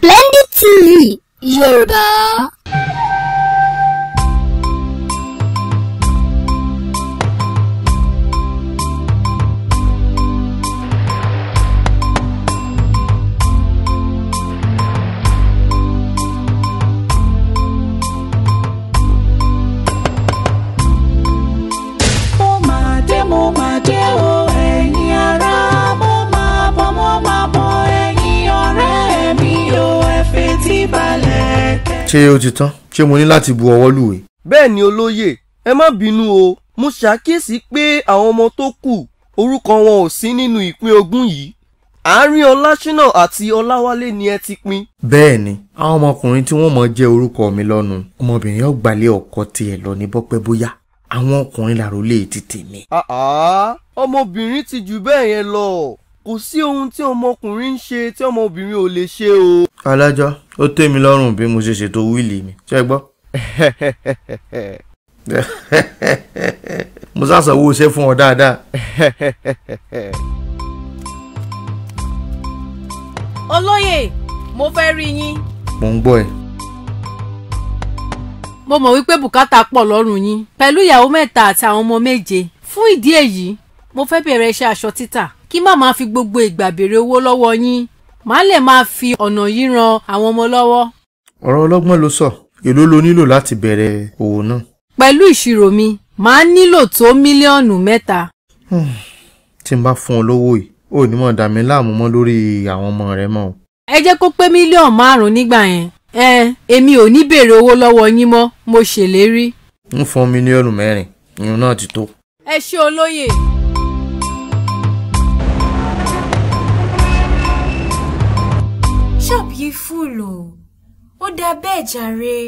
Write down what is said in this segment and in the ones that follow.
Splendid me, Yorùbá. ṣé ó ti tán ṣé mo ní láti bu ọwọ́ lùwé. bẹ́ẹ̀ ni olóyè ẹ má bínú o mo ṣàkíyèsí pé àwọn ọmọ tó kù orúkọ wọn ò sí nínú ìpín ogún yìí àárín ọlásínà àti ọláwálé ni ẹ ti pín. bẹ́ẹ̀ ni àwọn ọmọkùnrin tí wọ́n mọ̀ jẹ́ orúkọ mi lọ́nu ọmọbìnrin yóò gbalẹ̀ ọkọ tiẹ̀ lọ ní bọ́pẹ́ bóyá àwọn ọkùnrin làrólé ti tèmi. ọmọbìnrin ti jù bẹ́ẹ̀ yẹn lọ kò sí ohun tí ọmọkùnrin ń ṣe tí ọmọbìnrin ò lè ṣe o. alájọ ó tẹ́ mi lọ́rùn bí mo ṣe ṣètò wíìlì mi ṣe gbọ́. mo ṣàṣàwò iṣẹ́ fún ọ dáadáa. olóyè mo fẹ́ rí yín. mo ń gbọ́ ẹ. mo mọ̀ wípé bùkátà pọ̀ lọ́rùn yín pẹ̀lú ìyàwó mẹ́ta àti àwọn ọmọ méje fún ìdí èyí mo fẹ́ bẹ̀rẹ̀ iṣẹ́ aṣọ títà kí má máa fi gbogbo ìgbà béèrè owó lọ́wọ́ yín màá lè máa fi ọ̀nà yìí ran àwọn ọmọ lọ́wọ́. ọ̀rọ̀ ọlọ́gbọ́n ló sọ èló lo nílò láti bẹ̀rẹ̀ òwò náà. pẹ̀lú ìṣirò mi màá nílò tó mílíọ̀nù mẹ́ta. Hmm, tí n bá fún ọ lówó yìí ò ní mọ̀ dà mí láàmú mọ́ lórí àwọn ọmọ rẹ mọ́ o. ẹ jẹ́ kó pé mílíọ̀nù márùn-ún nígbà yẹn ẹ èmi ò ní béèrè owó lọ́wọ́ yín mọ́ mo ṣèlérí. ń fún mílíọ̀nù mẹ́rin ìyún náà ti tó. ẹ ṣé olóyè. yìí fùlù ó dáa bẹ́ẹ̀ jàre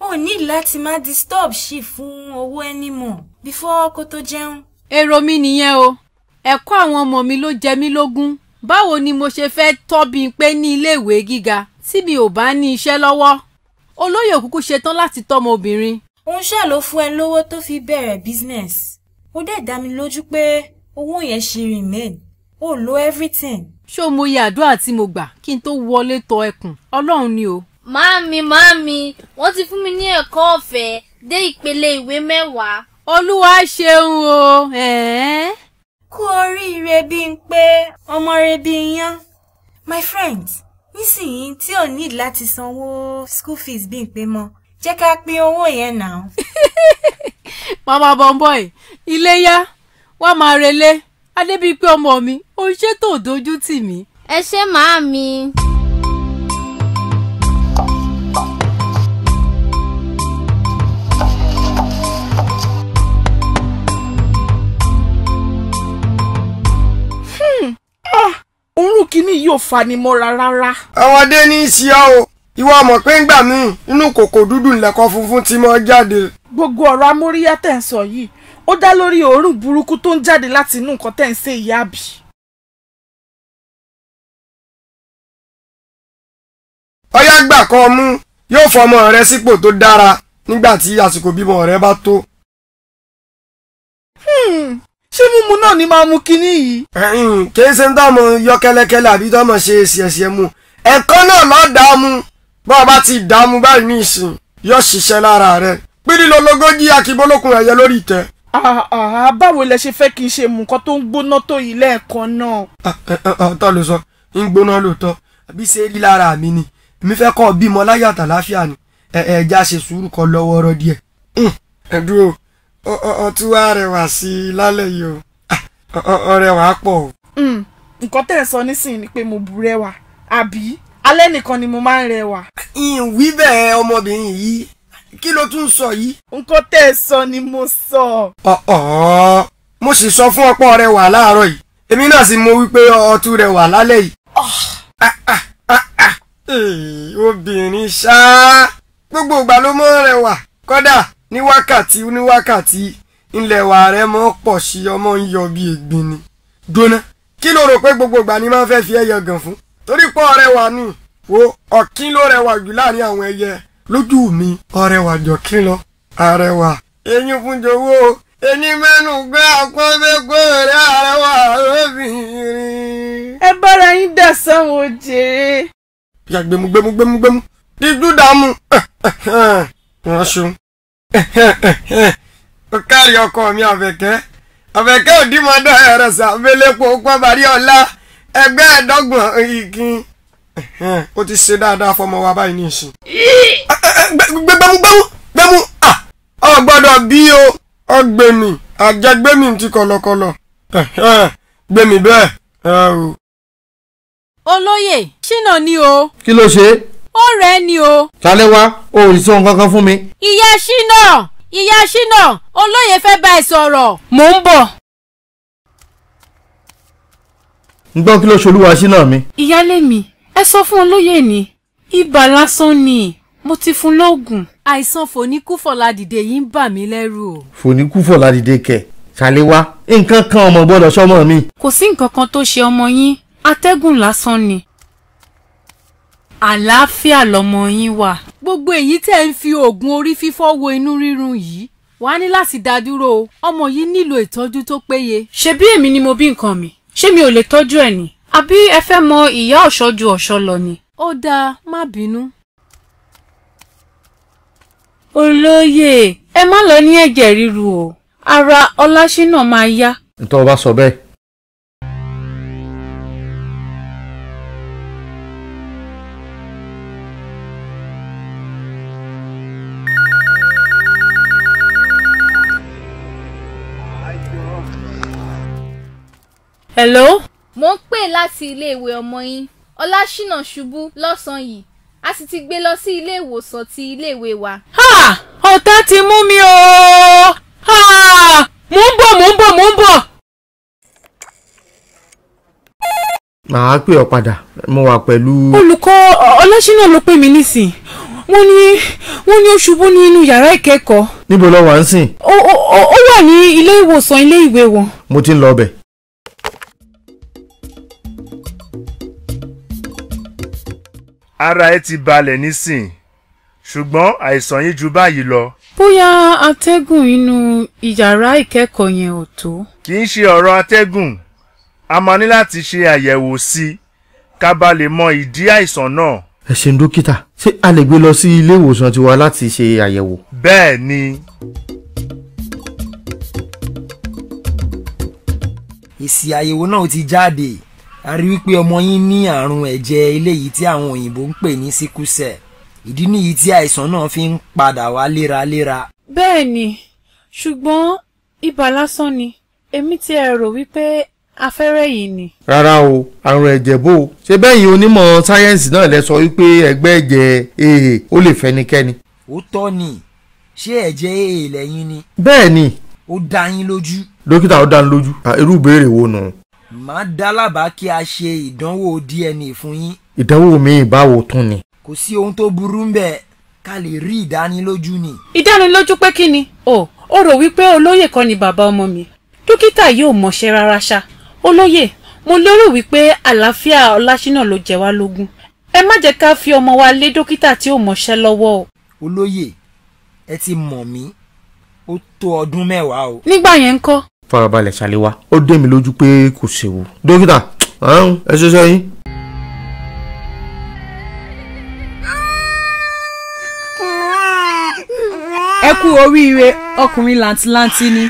ó ní láti má disturb ṣì fún owó ẹni mọ̀ Before kó tó jẹun. èrò mi nìyẹn o ẹ̀kọ́ àwọn ọmọ mi ló jẹ mí lógún báwo ni mo ṣe fẹ́ tọ́bi pé ní iléèwé gíga tí mi ò bá ní iṣẹ́ lọ́wọ́ olóyè òkúkú ṣetán láti tọ́mọ obìnrin. òun ṣáà ló fún ẹ lówó tó fi bẹ̀rẹ̀ business ó dẹ̀ dá mi lójú pé owó yẹn ṣì remain ó lo everything. ṣó mo yẹ àdúrà tí mo gbà kí n tó wọlé tọ ẹkùn ọlọ́run ni o. màámi màámi wọ́n ti fún mi ní ẹ̀kọ́ ọ̀fẹ́ dé ìpele ìwé mẹ́wàá. olúwa ṣeun o. kú oríire Bímpé ọmọ rẹ bí yán. my friend nísìnyìí tí ò ní láti sanwó school fees Bímpé mọ́ jẹ́ ká pín owó yẹn náà. mama bọ̀m̀bọ̀ì ilé yá wàá máa relé. Adébíyí pé ọmọ mi ò ṣe tó dojú tì mí. ẹ ṣé màámi. òórùn hmm. ah, kìíní yóò fani mọ́ra rárá. ọmọdé ní í ṣíà o ìwọ mọ̀ pé ńgbà míì inú kòkò dúdú ńlẹ̀kọ funfun ti mọ́ jáde gbogbo ọ̀rọ̀ amóríyá tẹ̀ ń sọ yìí ó dá lórí òórùn burúkú tó ń jáde láti inú nǹkan tẹ̀ ń ṣe ìyá àbí. ọyá gbà kan mú yóò fọmọ rẹ sípò tó dára nígbà tí àsìkò bímọ rẹ bá tó. Hmm, ṣé mímu náà ni máa mú kinní yìí. kì í ṣe ń tọ́mọ yọ kẹ́lẹ́kẹ́lẹ́ àbí tọ́mọ ṣe ṣìẹ̀ṣìẹ̀ mu ẹ̀kọ́ náà lọ́ọ́ dààmú bọ́ọ̀ bá ti dààmú báyìí ní ìsìn yóò ṣiṣẹ́ lára rẹ̀ pírílólógójì akíbólókun ẹ̀yẹ lórí ìtẹ́. Ah, ah, ah, báwo lẹ ṣe fẹ́ kí n ṣe mú nǹkan tó ń gbóná tó yìí lẹ́ẹ̀kan náà. ọ̀tọ̀ eh, eh, ló sọ ń gbóná lóòótọ́ àbí ṣe rí lára mi ni mi fẹ́ kọ́ bímọ láyé àtàláfíà ni ẹ̀ẹ́dá ṣe sùúrù kọ́ lọ́wọ́ ọ̀rọ̀ díẹ̀. ẹ̀dùn o ọtí wa rẹwà sí i lálẹ́ yìí o ọ̀rẹ́ pọ̀ o. Hmm. nǹkan tẹ̀ ń sọ nísìnyí ni pé mo bu rẹwà àbí alẹ́ nìkan ni mo máa ń rẹwà. ìwí bẹ́ẹ̀ ọmọbìnrin yìí kí ló tún sọ yìí. nǹkan tẹ́ ẹ sọ ni mo sọ. ọ̀ọ́ mo sì sọ fún ọ̀pọ̀ rẹ wà láàárọ̀ yìí èmi náà sì mọ̀ wípé ọtún rẹ wà lálẹ́ yìí. Ah. Ah, ah, obìnrin ṣáá gbogbo ìgbà ló mọ rẹ wà kódà ní wákàtí ní wákàtí ńlẹ̀ wà rẹ mọ́ pọ̀ sí ọmọ ń yọ bí ègbin ni. dóná kí ló rò pé gbogbo ìgbà ni máa fẹ́ fi ẹyọ gàn fún torí pọ̀ rẹ wà ni wo ọ̀kín ló rẹwà jù láàrin àwọn ẹyẹ lójú mi ọrẹwà jọkín lọ arẹwà eyín fúnjọwọ ẹni mẹ́nu gbé àpọ́nbẹ́gbọ́ rẹ̀ arẹwà lóbìnrin. ẹ bára yín dà sánwó jèrè. ìyá gbẹmú gbẹmú gbẹmú gbẹmú dídú dààmú wọn ṣun ó kárí ọkọ mi àfẹkẹ àfẹkẹ òdìmọdọ ẹrẹsà abẹlẹpọ pọbarí ọlá ẹgbẹ ẹdọgbọn ìkín. ó eh, ti ṣe dáadáa fọmọ wa báyìí ní ìsìn. gbẹmú gbẹmú gbẹmú ọ bí o ọgbẹmí àjẹgbẹmí ti kọ̀lọ̀kọ̀lọ̀ eh, eh, gbẹmí bẹ́ẹ̀ olóyè ṣínà ni o. kí ló ṣe. ó rẹ̀ ni o. ṣálẹ̀ wá o ò sọ nǹkan kan fún mi. ìyá ṣínà ìyá ṣínà olóyè fẹ́ bá ẹ sọ̀rọ̀. mò ń bọ̀. ń gbọ́ kí ló ṣolúwa ṣínà mi. ìyálé mi ẹ sọ fún olóyè ni ibà lásán ni mo ti fún lóògùn. àìsàn fòníkúfọ̀ládìde yìí ń bà mí lẹ́rù o. fòníkúfọ̀ládìde kẹ̀ ṣàlẹ́ wá nǹkan kan ọmọ gbọ́dọ̀ sọmọ mi. kò sí nǹkan kan tó ṣe ọmọ yín atẹ́gùn lásán ni àlàáfíà lọmọ yín wà. gbogbo èyí tẹ́ ń fi oògùn orí fífọ́ wo inú rírun yìí wàá ní láti dá dúró o ọmọ yìí nílò ìtọ́jú tó péye. ṣebí èmi ni mo bí nǹkan mi ṣé mi ò lè tọ́jú ẹ̀ ni àbí ẹ fẹ́ mọ ìyá ọ̀ṣọ́ ju ọ̀ṣọ́ lọ ni. ó dáa má bínú. olóyè ẹ má lọ ní ẹ̀jẹ̀ ríru o ara ọláṣínà máa yá. ntọ́ bá sọ bẹ́ẹ̀. Hello? mò ń pè láti iléèwé ọmọ yín ọlásìnà ṣubú lọ́sàn-án yìí a sì ti gbé lọ sí ilé ìwòsàn ti iléèwé wa. ọ̀tá ti mú mi o mò ń bọ̀ mò ń bọ̀ mò ń bọ̀. màá pè ọ padà mo wà pẹ̀lú. olùkọ́ ọlásìnà ló pè mí nísìn wọ́n ní wọ́n ní ó ṣubú nínú yàrá ìkẹ́kọ̀ọ́. níbo lo wà ń sìn. ó wà ní ilé ìwòsàn ilé ìwé wọn. mo ti ń lọ bẹ̀. ara ẹ ti balẹ̀ nísìn ṣùgbọ́n àìsàn yín ju báyìí lọ. bóyá atẹ́gùn inú ìyàrá ìkẹ́kọ̀ọ́ yẹn ò tó. kì í ṣe ọ̀rọ̀ atẹ́gùn a máa ní láti ṣe àyẹ̀wò sí i ká ba lè mọ ìdí àìsàn náà. ẹ ṣeun dókítà ṣé a lè gbé lọ sí ilé ìwòsàn tiwa láti ṣe àyẹ̀wò. bẹ́ẹ̀ ni. èsì àyẹ̀wò náà ti jáde a rí wípé ọmọ yín ní àrùn ẹ̀jẹ̀ eléyìí tí àwọn òyìnbó ń pè ní síkúsẹ̀ ìdí nìyí tí àìsàn náà fi ń padà wá léraléra. bẹ́ẹ̀ ni ṣùgbọ́n ibà lásán ni èmi ti ẹ̀ rò wípé afẹ́rẹ́ yìí ni. rárá o àrùn ẹ̀jẹ̀ bò ó ṣe bẹ́yìn onímọ̀ sáyẹ́ǹsì náà lẹ sọ wípé ẹgbẹ́ ẹ̀jẹ̀ èè ó lè fẹ́nikẹ́ni. ó tọ́ ni ṣé ẹ̀jẹ̀ èè lẹ́yìn ni. bẹ́ẹ̀ ni. ó dá yín lójú. dókítà ó dá yín lójú irú ìbéèrè wo nù. No? màá dálábàá kí a ṣe ìdánwò dna fún yín. ìdánwò mi báwo tún ni. kò sí ohun tó burú ń bẹ ká lè rí ìdánilójú ni. ìdánilójú pé kí ni o ò rò wípé olóyè kan ni bàbá ọmọ mi dókítà yóò mọṣẹ́ rárá ṣá olóyè mo lérò wípé àlàáfíà ọlásínà ló jẹ wá lógún ẹ má jẹ́ ká fi ọmọ wa lé dókítà tí ò mọṣẹ́ lọ́wọ́ o. olóyè ẹ ti mọ̀ mí ó tó ọdún mẹ́wàá o. nígbà yẹn ń kọ́ farabalẹ̀ ṣàlẹ́wà ó dé mi lójú pé kò séwu dókítà ẹ ṣiṣẹ́ yín. ẹ kú oríire ọkùnrin làǹtìlanti ni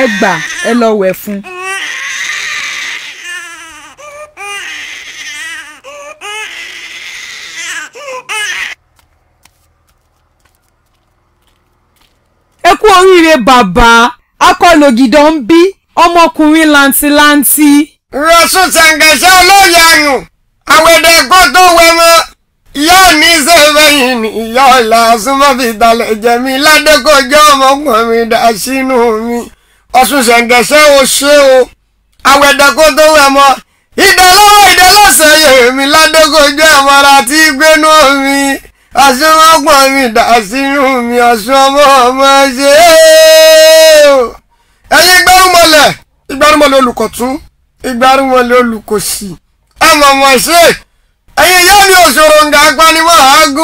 ẹ gbà ẹ lọ wẹ̀ fún un. ẹ kú oríire bàbá akọlògìdọ̀ ń bí ọmọkùnrin làǹtìlàǹtì. rọ̀ṣùn ṣàǹgàṣà olóyàyùn àwẹ̀dẹ̀ kó tó wẹ̀mọ ìyá ní sẹ́fẹ̀yìn ni ìyá ọ̀la súnmọ́ fi dalẹ̀ jẹ̀mí ládẹ́kọ̀jọ́ ọmọkùnrin dà sínú mi ọ̀ṣun ṣàǹgàṣà ò ṣe o àwẹ̀dẹ̀ kó tó wẹ̀mọ ìdálọ́wọ́ ìdálọ́sẹ̀ yèmí ládẹ́kọ̀jọ́ ọmọ ara tí gbénú mi. àsìmọ́pọ̀ mi dà sínú mi ọ̀sùn ọmọ ọmọ ṣe é o. ẹ̀yin gbárùmọ̀lẹ̀ ìgbárùmọ̀lẹ̀ olùkọ̀tún ìgbárùmọ̀lẹ̀ olùkọ̀sì àmọ̀mọ̀ ṣe ẹ̀yin òṣòro mọ́hàágún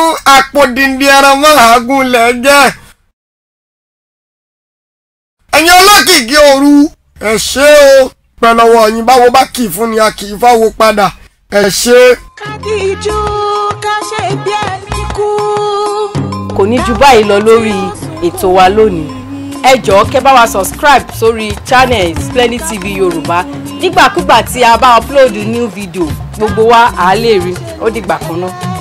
òru o pẹ̀lọ́wọ́ báwo bá kì í fún ni a kì í padà kú. kò ní ju báyìí lọ lórí ètò wa lónìí ẹ jọ̀ọ́ kẹ́ bá wa subscribe sórí channel Splendid TV Yorùbá nígbàkúgbà tí a bá upload new video gbogbo wa à á lè rí ó dìgbà kan náà.